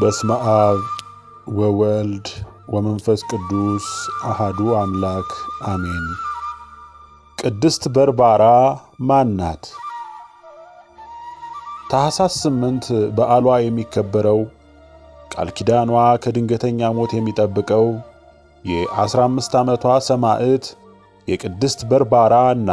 በስመ አብ ወወልድ ወመንፈስ ቅዱስ አሃዱ አምላክ አሜን። ቅድስት በርባራ ማን ናት? ታኅሳስ ስምንት በዓሏ የሚከበረው ቃል ኪዳኗ ከድንገተኛ ሞት የሚጠብቀው የ15 ዓመቷ ሰማዕት የቅድስት በርባራ እና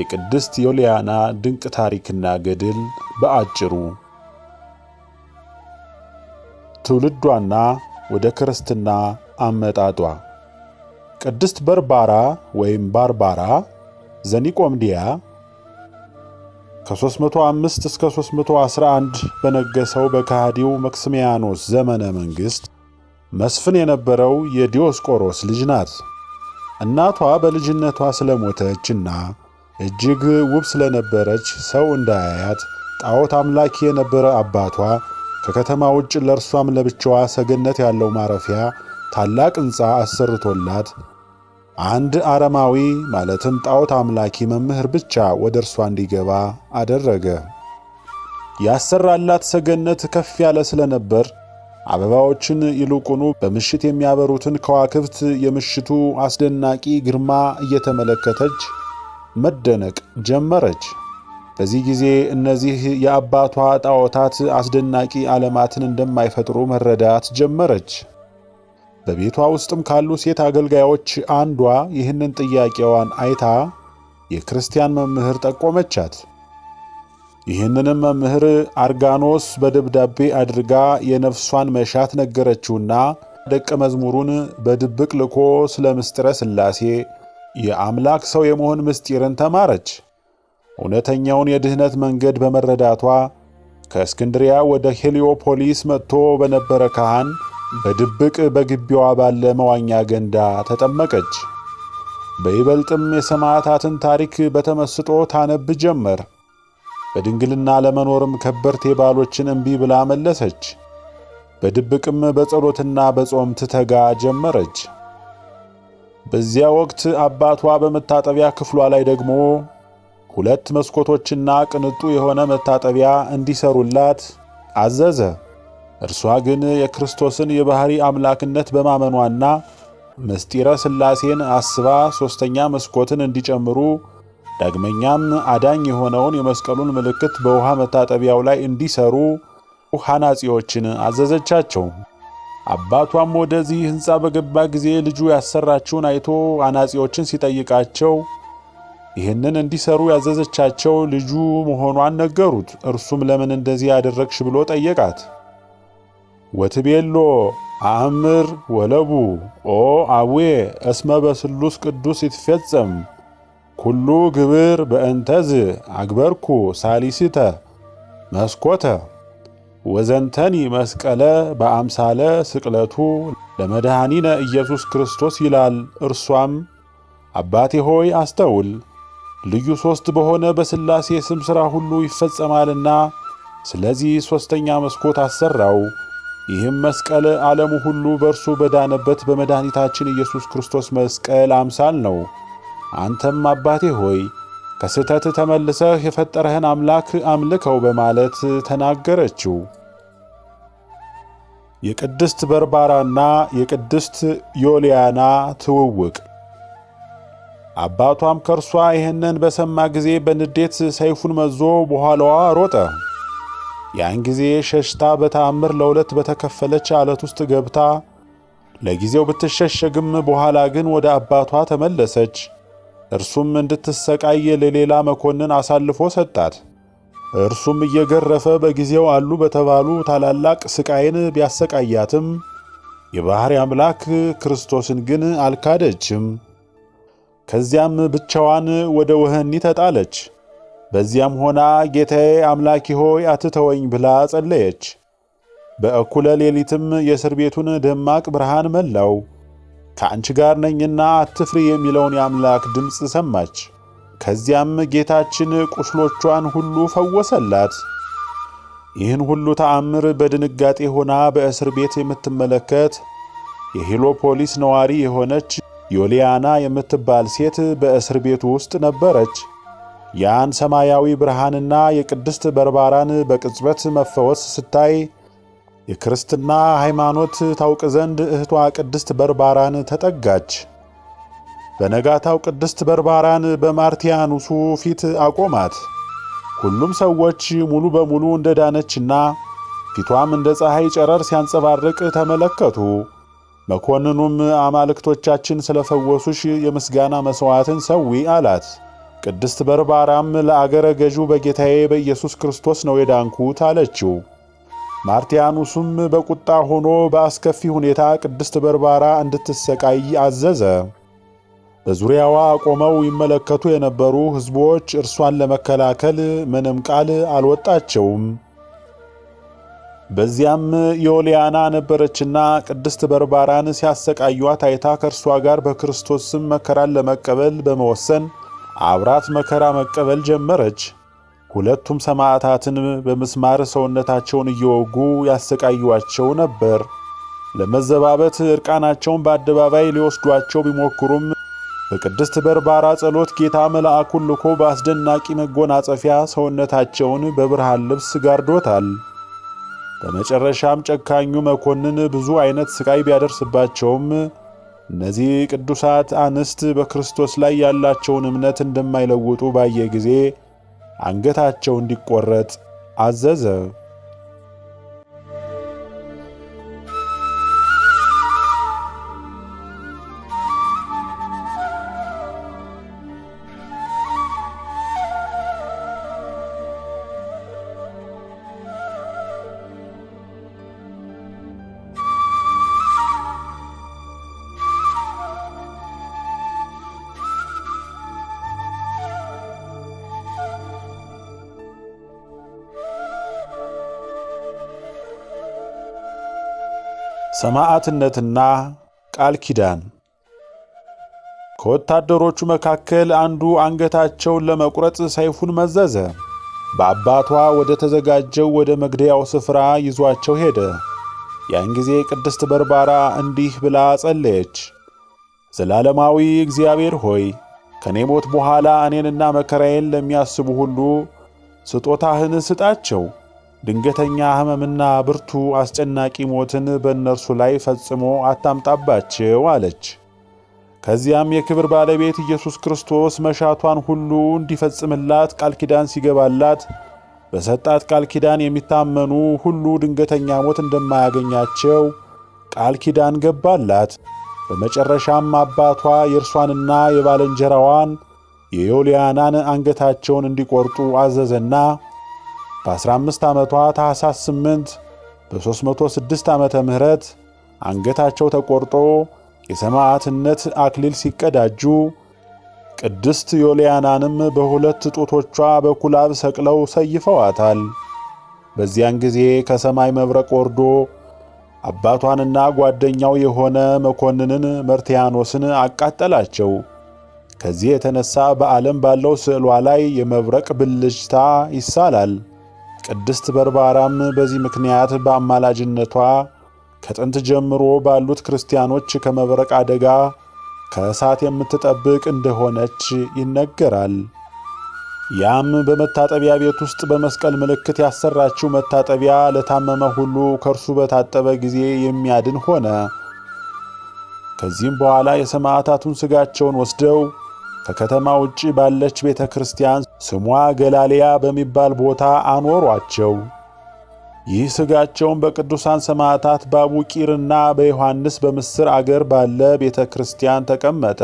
የቅድስት ዮልያና ድንቅ ታሪክና ገድል በአጭሩ ትውልዷና ወደ ክርስትና አመጣጧ ቅድስት በርባራ ወይም ባርባራ ዘኒቆምዲያ ከ305 እስከ 311 በነገሰው በካህዲው መክስሚያኖስ ዘመነ መንግሥት መስፍን የነበረው የዲዮስቆሮስ ልጅ ናት። እናቷ በልጅነቷ ስለሞተችና እጅግ ውብ ስለነበረች ሰው እንዳያያት ጣዖት አምላኪ የነበረ አባቷ ከከተማ ውጭ ለእርሷም ለብቻዋ ሰገነት ያለው ማረፊያ ታላቅ ሕንፃ አሰርቶላት አንድ አረማዊ ማለትም ጣዖት አምላኪ መምህር ብቻ ወደ እርሷ እንዲገባ አደረገ። ያሰራላት ሰገነት ከፍ ያለ ስለነበር አበባዎችን ይልቁኑ በምሽት የሚያበሩትን ከዋክብት የምሽቱ አስደናቂ ግርማ እየተመለከተች መደነቅ ጀመረች። በዚህ ጊዜ እነዚህ የአባቷ ጣዖታት አስደናቂ ዓለማትን እንደማይፈጥሩ መረዳት ጀመረች። በቤቷ ውስጥም ካሉ ሴት አገልጋዮች አንዷ ይህንን ጥያቄዋን አይታ የክርስቲያን መምህር ጠቆመቻት። ይህንንም መምህር አርጋኖስ በደብዳቤ አድርጋ የነፍሷን መሻት ነገረችውና ደቀ መዝሙሩን በድብቅ ልኮ ስለ ምስጢረ ሥላሴ የአምላክ ሰው የመሆን ምስጢርን ተማረች። እውነተኛውን የድህነት መንገድ በመረዳቷ ከእስክንድሪያ ወደ ሄሊዮፖሊስ መጥቶ በነበረ ካህን በድብቅ በግቢዋ ባለ መዋኛ ገንዳ ተጠመቀች። በይበልጥም የሰማዕታትን ታሪክ በተመስጦ ታነብ ጀመር። በድንግልና ለመኖርም ከበርቴ ባሎችን እምቢ ብላ መለሰች። በድብቅም በጸሎትና በጾም ትተጋ ጀመረች። በዚያ ወቅት አባቷ በመታጠቢያ ክፍሏ ላይ ደግሞ ሁለት መስኮቶችና ቅንጡ የሆነ መታጠቢያ እንዲሰሩላት አዘዘ። እርሷ ግን የክርስቶስን የባሕሪ አምላክነት በማመኗና ምስጢረ ሥላሴን አስባ ሦስተኛ መስኮትን እንዲጨምሩ ዳግመኛም አዳኝ የሆነውን የመስቀሉን ምልክት በውሃ መታጠቢያው ላይ እንዲሰሩ ሐናጺዎችን አዘዘቻቸው። አባቷም ወደዚህ ሕንፃ በገባ ጊዜ ልጁ ያሰራችውን አይቶ ሐናጺዎችን ሲጠይቃቸው ይህንን እንዲሰሩ ያዘዘቻቸው ልጁ መሆኗን ነገሩት። እርሱም ለምን እንደዚህ ያደረግሽ ብሎ ጠየቃት። ወትቤሎ አእምር ወለቡ ኦ አቡዌ እስመ በስሉስ ቅዱስ ይትፈጸም ኩሉ ግብር በእንተዝ አግበርኩ ሳሊሲተ መስኮተ ወዘንተኒ መስቀለ በአምሳለ ስቅለቱ ለመድኃኒነ ኢየሱስ ክርስቶስ ይላል። እርሷም አባቴ ሆይ አስተውል ልዩ ሶስት በሆነ በስላሴ ስም ሥራ ሁሉ ይፈጸማልና፣ ስለዚህ ሦስተኛ መስኮት አሠራው። ይህም መስቀል ዓለሙ ሁሉ በእርሱ በዳነበት በመድኃኒታችን ኢየሱስ ክርስቶስ መስቀል አምሳል ነው። አንተም አባቴ ሆይ ከስህተት ተመልሰህ የፈጠረህን አምላክ አምልከው በማለት ተናገረችው። የቅድስት በርባራና የቅድስት ዮልያና ትውውቅ አባቷም ከእርሷ ይህንን በሰማ ጊዜ በንዴት ሰይፉን መዞ በኋላዋ ሮጠ። ያን ጊዜ ሸሽታ በተአምር ለሁለት በተከፈለች አለት ውስጥ ገብታ ለጊዜው ብትሸሸግም በኋላ ግን ወደ አባቷ ተመለሰች። እርሱም እንድትሰቃይ ለሌላ መኮንን አሳልፎ ሰጣት። እርሱም እየገረፈ በጊዜው አሉ በተባሉ ታላላቅ ስቃይን ቢያሰቃያትም የባሕርይ አምላክ ክርስቶስን ግን አልካደችም። ከዚያም ብቻዋን ወደ ወህኒ ተጣለች። በዚያም ሆና ጌታዬ አምላኪ ሆይ አትተወኝ ብላ ጸለየች። በእኩለ ሌሊትም የእስር ቤቱን ደማቅ ብርሃን መላው። ከአንቺ ጋር ነኝና አትፍሪ የሚለውን የአምላክ ድምፅ ሰማች። ከዚያም ጌታችን ቁስሎቿን ሁሉ ፈወሰላት። ይህን ሁሉ ተአምር በድንጋጤ ሆና በእስር ቤት የምትመለከት የሂሎፖሊስ ነዋሪ የሆነች ዮልያና የምትባል ሴት በእስር ቤቱ ውስጥ ነበረች። ያን ሰማያዊ ብርሃንና የቅድስት በርባራን በቅጽበት መፈወስ ስታይ የክርስትና ሃይማኖት ታውቅ ዘንድ እህቷ ቅድስት በርባራን ተጠጋች። በነጋታው ቅድስት በርባራን በማርቲያኑሱ ፊት አቆማት። ሁሉም ሰዎች ሙሉ በሙሉ እንደ ዳነችና ፊቷም እንደ ፀሐይ ጨረር ሲያንጸባርቅ ተመለከቱ። መኮንኑም አማልክቶቻችን ስለፈወሱሽ የምስጋና መሥዋዕትን ሰዊ አላት። ቅድስት በርባራም ለአገረ ገዢው በጌታዬ በኢየሱስ ክርስቶስ ነው የዳንኩት አለችው። ማርቲያኑስም በቁጣ ሆኖ በአስከፊ ሁኔታ ቅድስት በርባራ እንድትሰቃይ አዘዘ። በዙሪያዋ ቆመው ይመለከቱ የነበሩ ሕዝቦች እርሷን ለመከላከል ምንም ቃል አልወጣቸውም። በዚያም ዮልያና ነበረችና ቅድስት በርባራን ሲያሰቃዩት አይታ ከእርሷ ጋር በክርስቶስ ስም መከራን ለመቀበል በመወሰን አብራት መከራ መቀበል ጀመረች። ሁለቱም ሰማዕታትን በምስማር ሰውነታቸውን እየወጉ ያሰቃዩቸው ነበር። ለመዘባበት ዕርቃናቸውን በአደባባይ ሊወስዷቸው ቢሞክሩም በቅድስት በርባራ ጸሎት ጌታ መልአኩን ልኮ በአስደናቂ መጎናጸፊያ ሰውነታቸውን በብርሃን ልብስ ጋርዶታል። በመጨረሻም ጨካኙ መኮንን ብዙ አይነት ስቃይ ቢያደርስባቸውም እነዚህ ቅዱሳት አንስት በክርስቶስ ላይ ያላቸውን እምነት እንደማይለውጡ ባየ ጊዜ አንገታቸው እንዲቆረጥ አዘዘ። ሰማዕትነትና ቃል ኪዳን ከወታደሮቹ መካከል አንዱ አንገታቸውን ለመቁረጥ ሰይፉን መዘዘ። በአባቷ ወደ ተዘጋጀው ወደ መግደያው ስፍራ ይዟቸው ሄደ። ያን ጊዜ ቅድስት በርባራ እንዲህ ብላ ጸለየች። ዘላለማዊ እግዚአብሔር ሆይ ከኔ ሞት በኋላ እኔንና መከራዬን ለሚያስቡ ሁሉ ስጦታህን ስጣቸው። ድንገተኛ ሕመምና ብርቱ አስጨናቂ ሞትን በእነርሱ ላይ ፈጽሞ አታምጣባቸው አለች። ከዚያም የክብር ባለቤት ኢየሱስ ክርስቶስ መሻቷን ሁሉ እንዲፈጽምላት ቃል ኪዳን ሲገባላት በሰጣት ቃል ኪዳን የሚታመኑ ሁሉ ድንገተኛ ሞት እንደማያገኛቸው ቃል ኪዳን ገባላት። በመጨረሻም አባቷ የእርሷንና የባለንጀራዋን የዮልያናን አንገታቸውን እንዲቆርጡ አዘዘና በ15 ዓመቷ ታኅሳስ 8 በ306 ዓመተ ምህረት አንገታቸው ተቆርጦ የሰማዕትነት አክሊል ሲቀዳጁ ቅድስት ዮልያናንም በሁለት ጡቶቿ በኩላብ ሰቅለው ሰይፈዋታል። በዚያን ጊዜ ከሰማይ መብረቅ ወርዶ አባቷንና ጓደኛው የሆነ መኮንንን መርትያኖስን አቃጠላቸው። ከዚህ የተነሳ በዓለም ባለው ስዕሏ ላይ የመብረቅ ብልጭታ ይሳላል። ቅድስት በርባራም በዚህ ምክንያት በአማላጅነቷ ከጥንት ጀምሮ ባሉት ክርስቲያኖች ከመብረቅ አደጋ ከእሳት የምትጠብቅ እንደሆነች ይነገራል። ያም በመታጠቢያ ቤት ውስጥ በመስቀል ምልክት ያሰራችው መታጠቢያ ለታመመ ሁሉ ከእርሱ በታጠበ ጊዜ የሚያድን ሆነ። ከዚህም በኋላ የሰማዕታቱን ሥጋቸውን ወስደው ከከተማ ውጪ ባለች ቤተ ክርስቲያን ስሟ ገላልያ በሚባል ቦታ አኖሯቸው። ይህ ሥጋቸውን በቅዱሳን ሰማዕታት በአቡቂርና በዮሐንስ በምስር አገር ባለ ቤተ ክርስቲያን ተቀመጠ።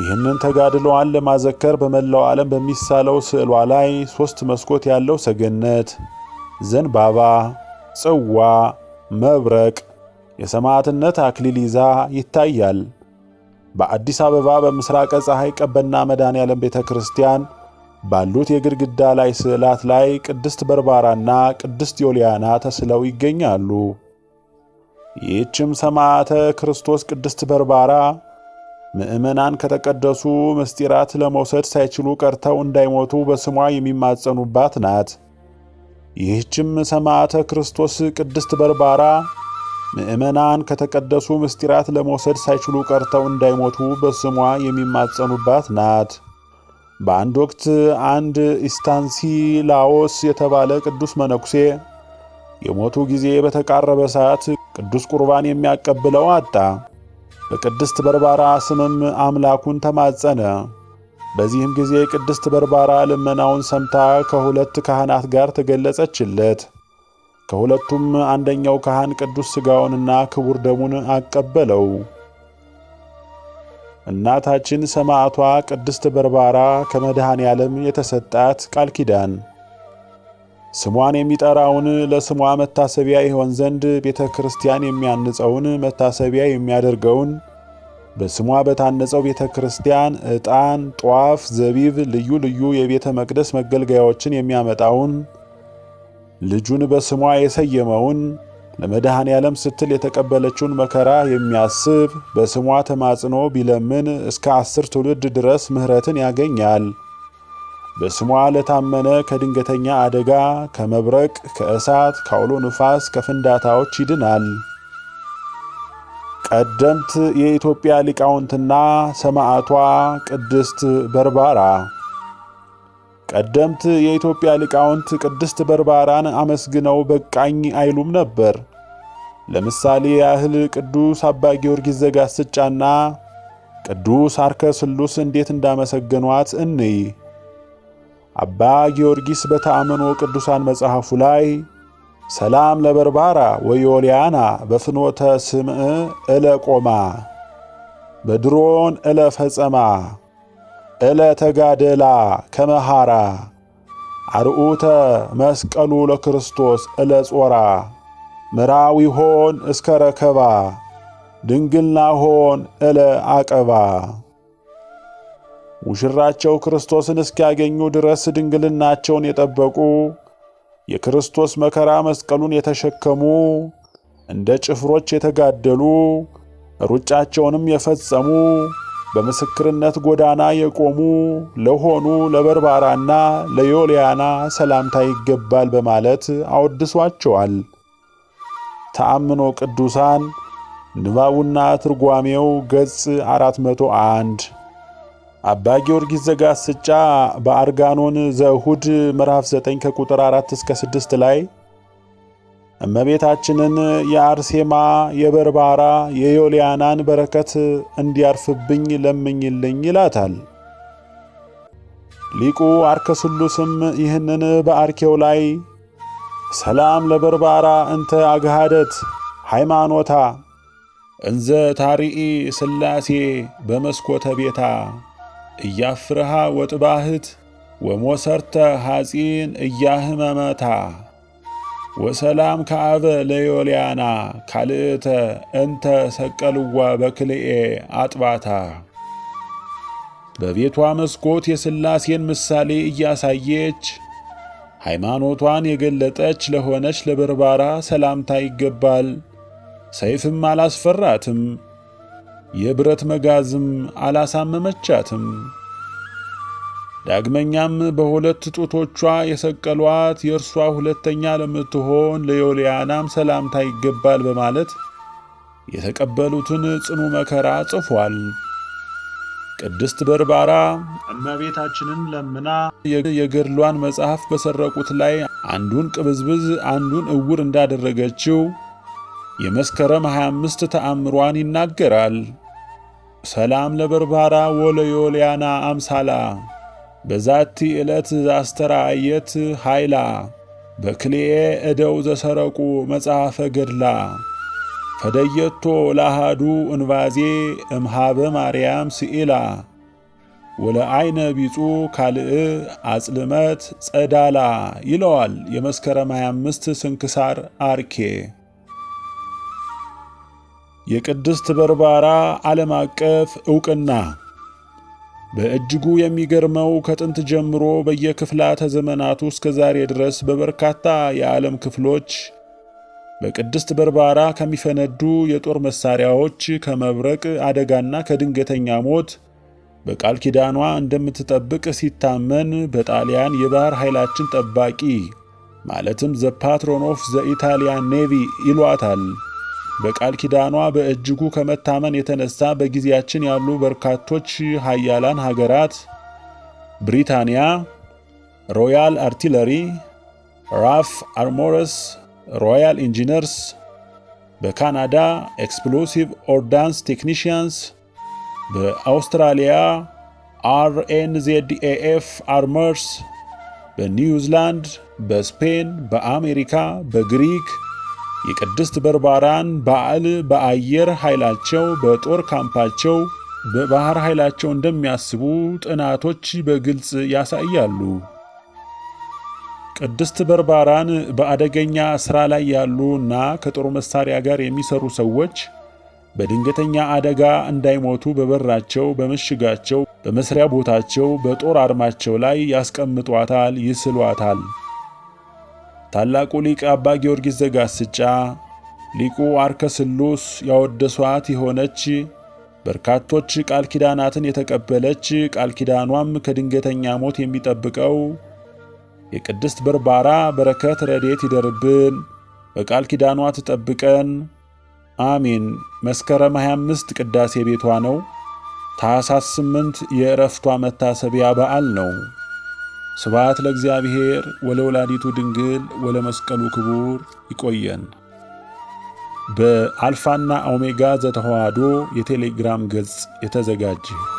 ይህንን ተጋድለዋን ለማዘከር በመላው ዓለም በሚሳለው ስዕሏ ላይ ሦስት መስኮት ያለው ሰገነት፣ ዘንባባ፣ ጽዋ፣ መብረቅ፣ የሰማዕትነት አክሊል ይዛ ይታያል። በአዲስ አበባ በምስራቀ ፀሐይ ቀበና መድኃኔዓለም ቤተ ክርስቲያን ባሉት የግድግዳ ላይ ስዕላት ላይ ቅድስት በርባራና ቅድስት ዮልያና ተስለው ይገኛሉ። ይህችም ሰማዕተ ክርስቶስ ቅድስት በርባራ ምዕመናን ከተቀደሱ ምስጢራት ለመውሰድ ሳይችሉ ቀርተው እንዳይሞቱ በስሟ የሚማጸኑባት ናት። ይህችም ሰማዕተ ክርስቶስ ቅድስት በርባራ ምዕመናን ከተቀደሱ ምስጢራት ለመውሰድ ሳይችሉ ቀርተው እንዳይሞቱ በስሟ የሚማጸኑባት ናት። በአንድ ወቅት አንድ ኢስታንሲላዎስ የተባለ ቅዱስ መነኩሴ የሞቱ ጊዜ በተቃረበ ሰዓት ቅዱስ ቁርባን የሚያቀብለው አጣ። በቅድስት በርባራ ስምም አምላኩን ተማጸነ። በዚህም ጊዜ ቅድስት በርባራ ልመናውን ሰምታ ከሁለት ካህናት ጋር ተገለጸችለት። ከሁለቱም አንደኛው ካህን ቅዱስ ሥጋውንና ክቡር ደሙን አቀበለው። እናታችን ሰማዕቷ ቅድስት በርባራ ከመድኃኔ ዓለም የተሰጣት ቃል ኪዳን ስሟን የሚጠራውን ለስሟ መታሰቢያ ይሆን ዘንድ ቤተ ክርስቲያን የሚያንጸውን መታሰቢያ የሚያደርገውን በስሟ በታነጸው ቤተ ክርስቲያን ዕጣን፣ ጧፍ፣ ዘቢብ፣ ልዩ ልዩ የቤተ መቅደስ መገልገያዎችን የሚያመጣውን ልጁን በስሟ የሰየመውን ለመድኃኔ ዓለም ስትል የተቀበለችውን መከራ የሚያስብ በስሟ ተማጽኖ ቢለምን እስከ አስር ትውልድ ድረስ ምሕረትን ያገኛል። በስሟ ለታመነ ከድንገተኛ አደጋ፣ ከመብረቅ፣ ከእሳት፣ ከአውሎ ንፋስ፣ ከፍንዳታዎች ይድናል። ቀደምት የኢትዮጵያ ሊቃውንትና ሰማዕቷ ቅድስት በርባራ ቀደምት የኢትዮጵያ ሊቃውንት ቅድስት በርባራን አመስግነው በቃኝ አይሉም ነበር። ለምሳሌ ያህል ቅዱስ አባ ጊዮርጊስ ዘጋስጫና ቅዱስ አርከስሉስ እንዴት እንዳመሰገኗት እንይ። አባ ጊዮርጊስ በተአምኖ ቅዱሳን መጽሐፉ ላይ ሰላም ለበርባራ ወዮልያና በፍኖተ ስምዕ እለቆማ በድሮን እለፈጸማ እለተጋደላ ከመሃራ አርዑተ መስቀሉ ለክርስቶስ እለ ምራዊ ሆን እስከ ረከባ ድንግልናሆን እለ አቀባ ውሽራቸው ክርስቶስን እስኪያገኙ ድረስ ድንግልናቸውን የጠበቁ የክርስቶስ መከራ መስቀሉን የተሸከሙ እንደ ጭፍሮች የተጋደሉ ሩጫቸውንም የፈጸሙ በምስክርነት ጎዳና የቆሙ ለሆኑ ለበርባራና ለዮልያና ሰላምታ ይገባል በማለት አወድሷቸዋል። ተአምኖ ቅዱሳን ንባቡና ትርጓሜው ገጽ 401 አባ ጊዮርጊስ ዘጋስጫ በአርጋኖን ዘሁድ ምዕራፍ 9 ከቁጥር 4 እስከ 6 ላይ እመቤታችንን የአርሴማ የበርባራ የዮልያናን በረከት እንዲያርፍብኝ ለምኝልኝ ይላታል። ሊቁ አርከስሉስም ይህንን በአርኬው ላይ ሰላም ለበርባራ እንተ አግሃደት ሃይማኖታ እንዘ ታሪኢ ስላሴ በመስኮተ ቤታ እያፍርሃ ወጥባህት ወሞሰርተ ሐጺን እያህመመታ ወሰላም ከአበ ለዮልያና ካልእተ እንተ ሰቀልዋ በክልኤ አጥባታ። በቤቷ መስኮት የሥላሴን ምሳሌ እያሳየች ሃይማኖቷን የገለጠች ለሆነች ለበርባራ ሰላምታ ይገባል። ሰይፍም አላስፈራትም፣ የብረት መጋዝም አላሳመመቻትም። ዳግመኛም በሁለት ጡቶቿ የሰቀሏት የእርሷ ሁለተኛ ለምትሆን ለዮልያናም ሰላምታ ይገባል በማለት የተቀበሉትን ጽኑ መከራ ጽፏል። ቅድስት በርባራ እመቤታችንን ለምና የገድሏን መጽሐፍ በሰረቁት ላይ አንዱን ቅብዝብዝ አንዱን እውር እንዳደረገችው የመስከረም 25 ተአምሯን ይናገራል። ሰላም ለበርባራ ወለዮልያና አምሳላ በዛቲ ዕለት ዛስተራየት ኃይላ በክልኤ እደው ዘሰረቁ መጽሐፈ ገድላ ፈደየቶ ለአሃዱ እንባዜ እምሃበ ማርያም ስኢላ ወለአይነ ቢጹ ካልእ አጽልመት ጸዳላ ይለዋል የመስከረም 25 ስንክሳር አርኬ። የቅድስት በርባራ ዓለም አቀፍ ዕውቅና በእጅጉ የሚገርመው ከጥንት ጀምሮ በየክፍላተ ዘመናቱ እስከ ዛሬ ድረስ በበርካታ የዓለም ክፍሎች በቅድስት በርባራ ከሚፈነዱ የጦር መሳሪያዎች፣ ከመብረቅ አደጋና ከድንገተኛ ሞት በቃል ኪዳኗ እንደምትጠብቅ ሲታመን በጣሊያን የባህር ኃይላችን ጠባቂ ማለትም ዘ ፓትሮን ኦፍ ዘኢታሊያን ኔቪ ይሏታል። በቃል ኪዳኗ በእጅጉ ከመታመን የተነሳ በጊዜያችን ያሉ በርካቶች ሀያላን ሀገራት ብሪታንያ፣ ሮያል አርቲለሪ፣ ራፍ አርሞረስ፣ ሮያል ኢንጂነርስ፣ በካናዳ ኤክስፕሎሲቭ ኦርዳንስ ቴክኒሽያንስ፣ በአውስትራሊያ አርኤንዜድኤኤፍ አርመርስ፣ በኒውዚላንድ፣ በስፔን፣ በአሜሪካ፣ በግሪክ የቅድስት በርባራን በዓል በአየር ኃይላቸው በጦር ካምፓቸው በባህር ኃይላቸው እንደሚያስቡ ጥናቶች በግልጽ ያሳያሉ። ቅድስት በርባራን በአደገኛ ሥራ ላይ ያሉ እና ከጦር መሳሪያ ጋር የሚሰሩ ሰዎች በድንገተኛ አደጋ እንዳይሞቱ በበራቸው፣ በምሽጋቸው፣ በመስሪያ ቦታቸው፣ በጦር አርማቸው ላይ ያስቀምጧታል፣ ይስሏታል። ታላቁ ሊቅ አባ ጊዮርጊስ ዘጋስጫ ሊቁ አርከስሉስ ያወደሷት የሆነች በርካቶች ቃል ኪዳናትን የተቀበለች ቃል ኪዳኗም ከድንገተኛ ሞት የሚጠብቀው የቅድስት በርባራ በረከት ረዴት ይደርብን፣ በቃል ኪዳኗ ትጠብቀን። አሜን። መስከረም 25 ቅዳሴ ቤቷ ነው። ታኅሳስ 8 የእረፍቷ መታሰቢያ በዓል ነው። ስብሐት ለእግዚአብሔር ወለወላዲቱ ድንግል ወለመስቀሉ ክቡር። ይቆየን። በአልፋና ኦሜጋ ዘተዋሕዶ የቴሌግራም ገጽ የተዘጋጀ